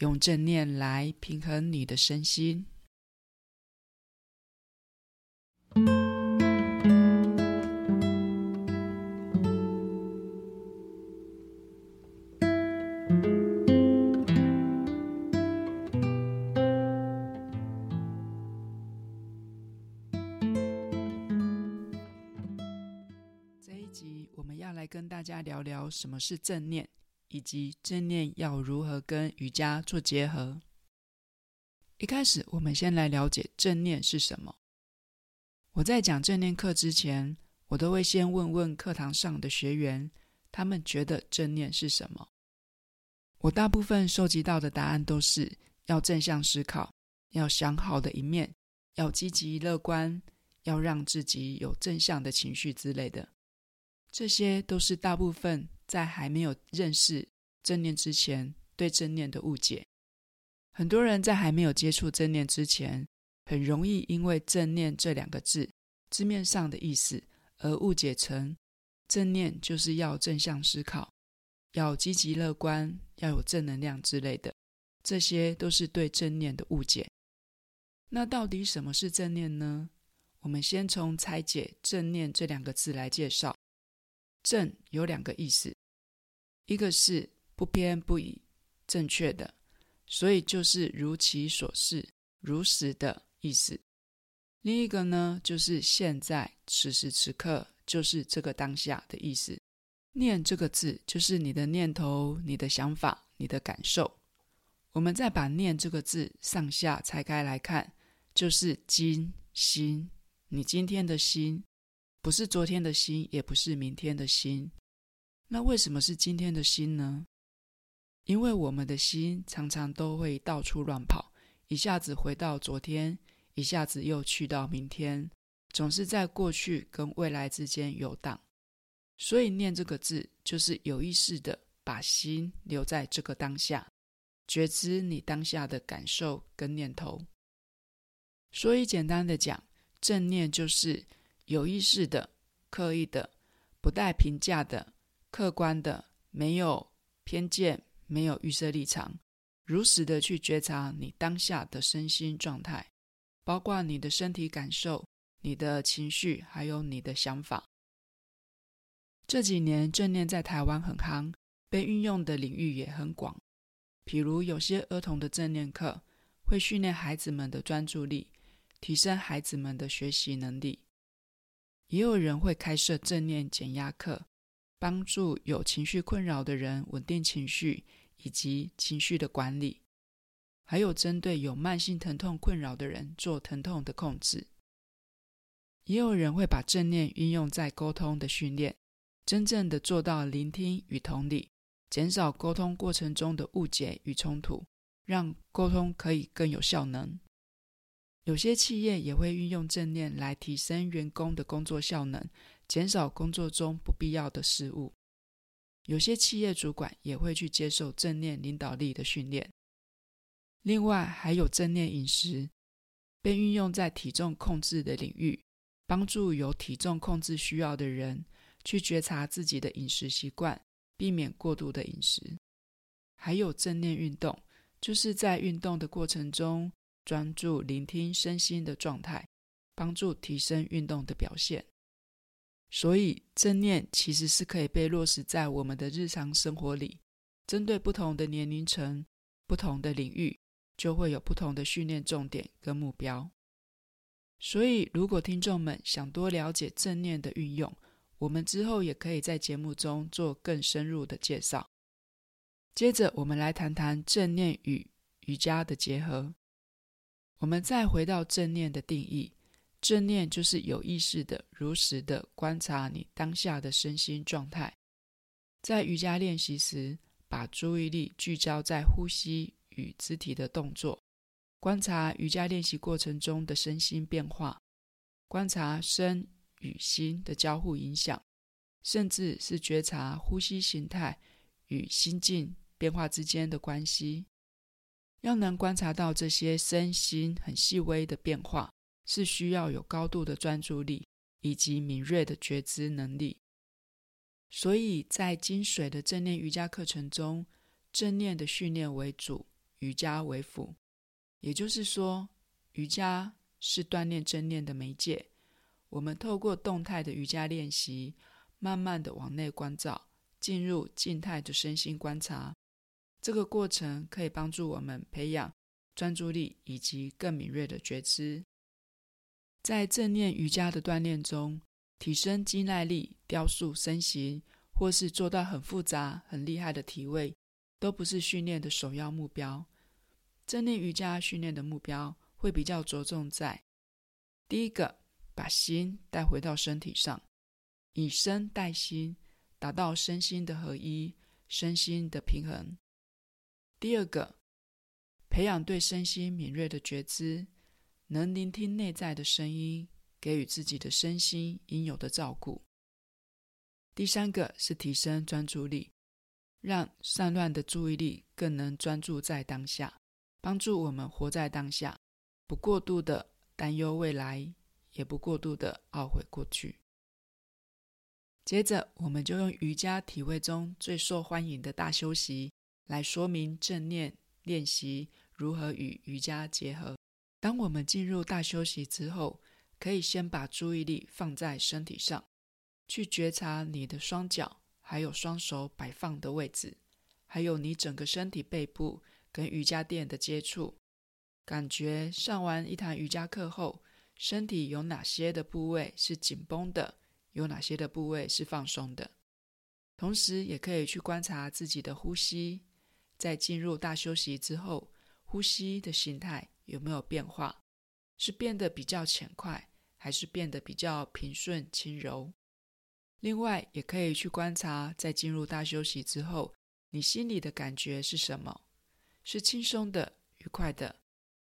用正念來平衡你的身心。這一集我們要來跟大家聊聊什麼是正念。以及正念要如何跟瑜伽做結合？一開始，我們先來了解正念是什麼。我在講正念課之前，我都會先問問課堂上的學員，他們覺得正念是什麼。我大部分收集到的答案都是要正向思考，要想好的一面，要積極樂觀，要讓自己有正向的情緒之類的。這些都是大部分在還沒有認識正念之前對正念的誤解。很多人在還沒有接觸正念之前，很容易因為“正念”這兩個字字面上的意思而誤解成正念就是要正向思考，要積極樂觀，要有正能量之類的。這些都是對正念的誤解。那到底什麼是正念呢？我們先從拆解“正念”這兩個字來介紹。正有兩個意思，一個是不偏不倚、正確的，所以就是如其所示、如實的意思。另一個呢，就是現在、此時此刻、就是這個當下的意思。念這個字，就是你的念頭、你的想法、你的感受。我們再把念這個字上下拆開來看，就是今心，你今天的心。不是昨天的心，也不是明天的心，那為什麼是今天的心呢？因為我們的心常常都會到處亂跑，一下子回到昨天，一下子又去到明天，總是在過去跟未來之間遊蕩。所以念這個字，就是有意識的把心留在這個當下，覺知你當下的感受跟念頭。所以簡單的講，正念就是。有意識的、刻意的、不帶評價的、客觀的、沒有偏見、沒有預設立場，如實的去覺察你當下的身心狀態，包括你的身體感受、你的情緒，還有你的想法。這幾年正念在台灣很夯，被運用的領域也很廣，譬如有些兒童的正念課會訓練孩子們的專注力，提升孩子們的學習能力。也有人會開設正念減壓課，幫助有情緒困擾的人穩定情緒以及情緒的管理，還有針對有慢性疼痛困擾的人做疼痛的控制。也有人會把正念運用在溝通的訓練，真正的做到聆聽與同理，減少溝通過程中的誤解與衝突，讓溝通可以更有效能。有些企業也會運用正念來提升員工的工作效能，減少工作中不必要的失誤。有些企業主管也會去接受正念領導力的訓練。另外，還有正念飲食被運用在體重控制的領域，幫助有體重控制需要的人去覺察自己的飲食習慣，避免過度的飲食。還有正念運動，就是在運動的過程中，專注聆聽身心的狀態，幫助提升運動的表現。所以正念其實是可以被落實在我們的日常生活裡，針對不同的年齡層、不同的領域，就會有不同的訓練重點跟目標。所以，如果聽眾們想多了解正念的運用，我們之後也可以在節目中做更深入的介紹。接着，我們來談談正念與瑜伽的結合。我們再回到正念的定義，正念就是有意識地、如實地觀察你當下的身心狀態。在瑜伽練習時，把注意力聚焦在呼吸與肢體的動作，觀察瑜伽練習過程中的身心變化，觀察身與心的交互影響，甚至是覺察呼吸形態與心境變化之間的關係。要能觀察到這些身心很細微的變化，是需要有高度的專注力以及敏銳的覺知能力。所以在精水的正念瑜伽課程中，正念的訓練為主，瑜伽為輔。也就是說，瑜伽是鍛鍊正念的媒介。我們透過動態的瑜伽練習，慢慢的往內觀照，進入靜態的身心觀察。這個過程可以幫助我們培養專注力以及更敏銳的覺知。在正念瑜伽的鍛鍊中，提升肌耐力、雕塑身形，或是做到很複雜、很厲害的體位，都不是訓練的首要目標。正念瑜伽訓練的目標會比較着重在第一個，把心帶回到身體上，以身帶心，達到身心的合一、身心的平衡。第二個，培養對身心敏銳的覺知，能聆聽內在的聲音，給予自己的身心應有的照顧。第三個是提升專注力，讓散亂的注意力更能專注在當下，幫助我們活在當下，不過度的擔憂未來，也不過度的懊悔過去。接着，我們就用瑜伽體位中最受歡迎的大休息。來說明正念練習如何與瑜伽結合。當我們進入大休息之後，可以先把注意力放在身體上，去覺察你的雙腳還有雙手擺放的位置，還有你整個身體背部跟瑜伽墊的接觸。感覺上完一堂瑜伽課後，身體有哪些的部位是緊繃的，有哪些的部位是放鬆的。同時，也可以去觀察自己的呼吸。在進入大休息之後，呼吸的形態有沒有變化？是變得比較淺快，還是變得比較平順輕柔？另外，也可以去觀察，在進入大休息之後，你心裡的感覺是什麼？是輕鬆的、愉快的，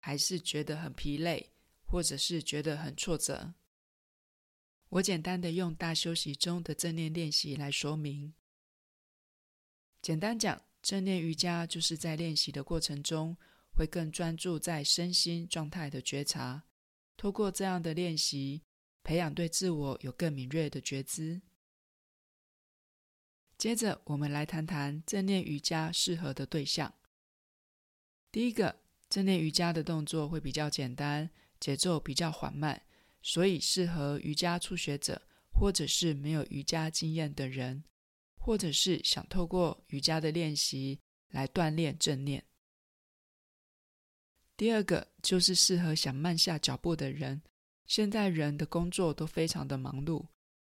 還是覺得很疲累，或者是覺得很挫折？我簡單的用大休息中的正念練、練習來說明。簡單講。正念瑜伽就是在練習的過程中，會更專注在身心狀態的覺察。透過這樣的練習，培養對自我有更敏銳的覺知。接着，我們來談談正念瑜伽適合的對象。第一個，正念瑜伽的動作會比較簡單，節奏比較緩慢，所以適合瑜伽初學者或者是沒有瑜伽經驗的人。或者是想透過瑜伽的練習來鍛鍊正念。第二個就是適合想慢下腳步的人。現代人的工作都非常的忙碌，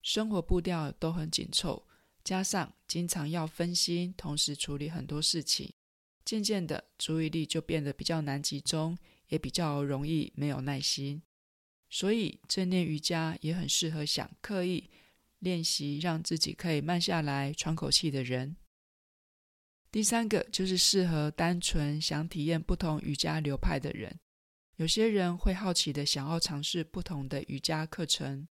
生活步調都很緊湊，加上經常要分心，同時處理很多事情，漸漸的注意力就變得比較難集中，也比較容易沒有耐心。所以正念瑜伽也很適合想刻意。練習讓自己可以慢下來、喘口氣的人。第三個就是適合單純想體驗不同瑜伽流派的人。有些人會好奇的想要嘗試不同的瑜伽課程。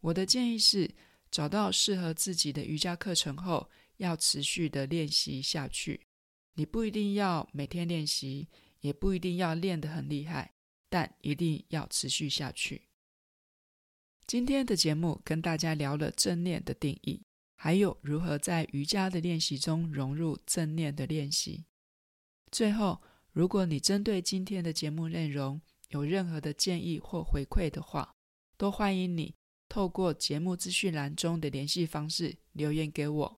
我的建議是，找到適合自己的瑜伽課程後，要持續的練習下去。你不一定要每天練習，也不一定要練得很厲害，但一定要持續下去。今天的節目跟大家聊了正念的定義，還有如何在瑜伽的練習中融入正念的練習。最後，如果你針對今天的節目內容有任何的建議或回饋的話，都歡迎你透過節目資訊欄中的聯繫方式留言給我。